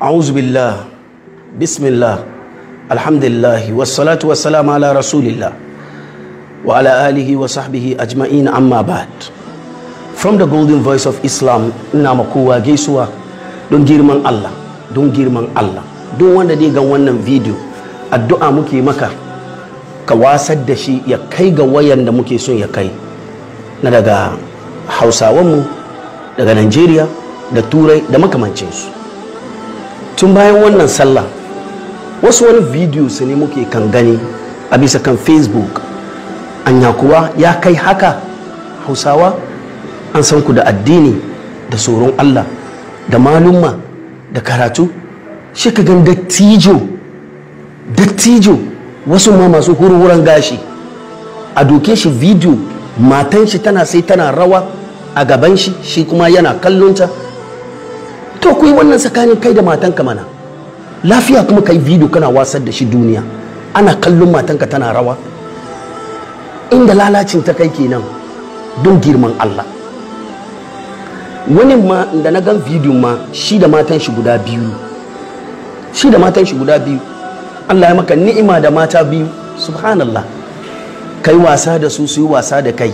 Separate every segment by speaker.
Speaker 1: أعوذ بالله بسم الله الحمد لله والصلاة والسلام wa رسول الله وعلى آله وصحبه أجمعين أما From the golden voice of Islam ina makowa gaisuwa don girman Allah don girman Allah don wanda dai ga wannan video addu'a muke maka ka wasar da shi ya kai ga wayan da muke son ya kai na daga hausawanmu daga Najeriya da turai da makamancinsu tun bayan wannan sallah wasu wani bidiyo su ne muke kan gani a bisa kan facebook anya kuwa ya kai haka hausawa an san ku da addini da tsoron allah da malumma da karatu shi ka gan dattijo dattijo wasu ma masu hurhuran gashi a doke shi bidiyo matan shi tana sai tana rawa a gaban shi shi kuma yana kallonta to ku yi wannan tsakanin kai da matanka mana lafiya kuma kai video kana wasar da shi duniya ana kallon matanka tana rawa inda lalacin ta kai kenan don girman Allah wani ma da na gan video ma shi da matan shi guda biyu shi da matan shi guda biyu Allah ya maka ni'ima da mata biyu subhanallah kai wasa da su su yi wasa da kai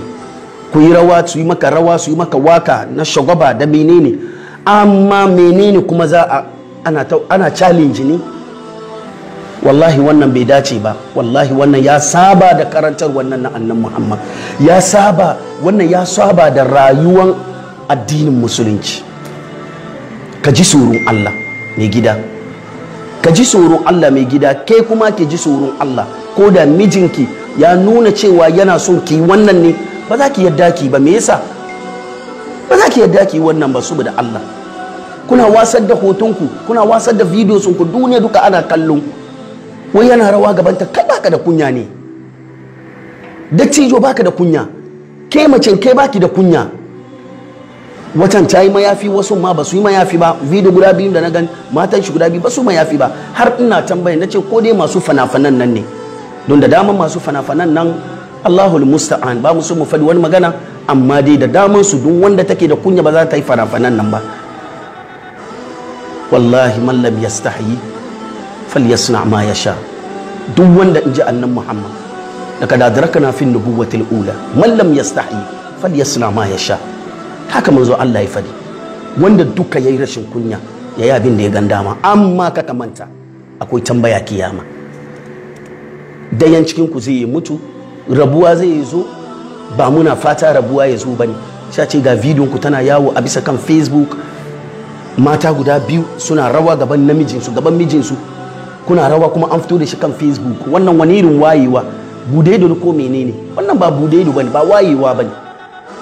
Speaker 1: ku yi rawa su yi maka rawa su yi maka waka na shagwaba da menene amma menene kuma za a ana challenge ne wallahi wannan bai dace ba wallahi wannan ya saba da karantar wannan na annan muhammad ya saba wannan ya saba da rayuwan addinin musulunci ka ji tsoron allah mai gida ka ji tsoron allah mai gida kai kuma ke ji tsoron allah ko da mijinki ya nuna cewa yana son ki wannan ne ba za ki yadda ki ba me yasa ki yadda wannan ba saboda Allah kuna wasar da hotonku kuna wasar da videos ku duniya duka ana kallon wai yana rawa gaban ta baka da kunya ne dattijo baka da kunya ke mace ke baki da kunya watan ta yi mayafi wasu ma ba su yi mayafi ba video guda biyu da na gan matan shi guda biyu ba su mayafi ba har ina tambaya na ce ko dai masu fanafanan nan ne don da daman masu fanafanan nan Allahul musta'an ba mu mu fadi wani magana amma dai da daman su duk wanda take da kunya ba za ta yi fanafanan nan ba wallahi Mallam lam yastahi falyasna ma yasha duk wanda in ji annan muhammad daga na fi nubuwatul ula Mallam yastahyi, yastahi falyasna ma sha haka manzo Allah ya fadi wanda duka yayi rashin kunya yayi abin da ya gan dama amma kaka manta akwai tambaya kiyama dayan cikin ku zai mutu rabuwa zai yi zo ba muna fata rabuwa ya zo bane sha ce ga bidiyon ku tana yawo a bisa kan facebook mata guda biyu suna rawa gaban su gaban mijinsu kuna rawa kuma an fito da shi kan facebook wannan wani irin wayewa bude da ko menene wannan ba bude da bane ba wayewa bane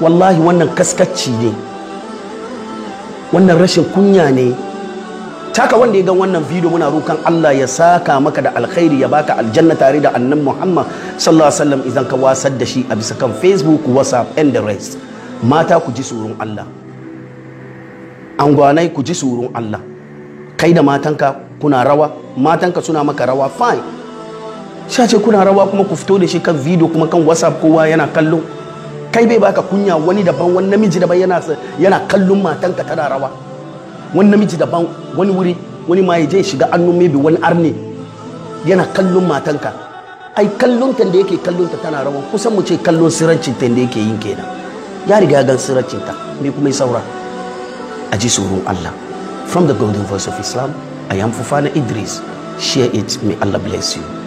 Speaker 1: wallahi wannan kaskacci ne wannan rashin kunya ne taka wanda ya gan wannan video muna rokan Allah ya saka maka da alkhairi ya baka aljanna tare da annan Muhammad sallallahu alaihi wasallam idan ka wasar da shi a bisa kan Facebook WhatsApp and the rest mata ku ji tsoron Allah angwanai ku ji tsoron Allah kai da matanka kuna rawa matanka suna maka rawa fine sha ce kuna rawa kuma ku fito da shi kan video kuma kan WhatsApp kowa yana kallo kai bai baka kunya wani daban wani namiji daban yana yana kallon matanka tana rawa wani namiji daban wani wuri wani ma ya je shiga annu maybe wani arne yana kallon matanka ai kallon ta da yake kallon ta tana rawan kusan mu ce kallon sirancin ta da yake yin kenan ya riga gan sirancin ta me kuma ya saura a ji tsoron Allah from the golden voice of Islam I am Fufana Idris share it may Allah bless you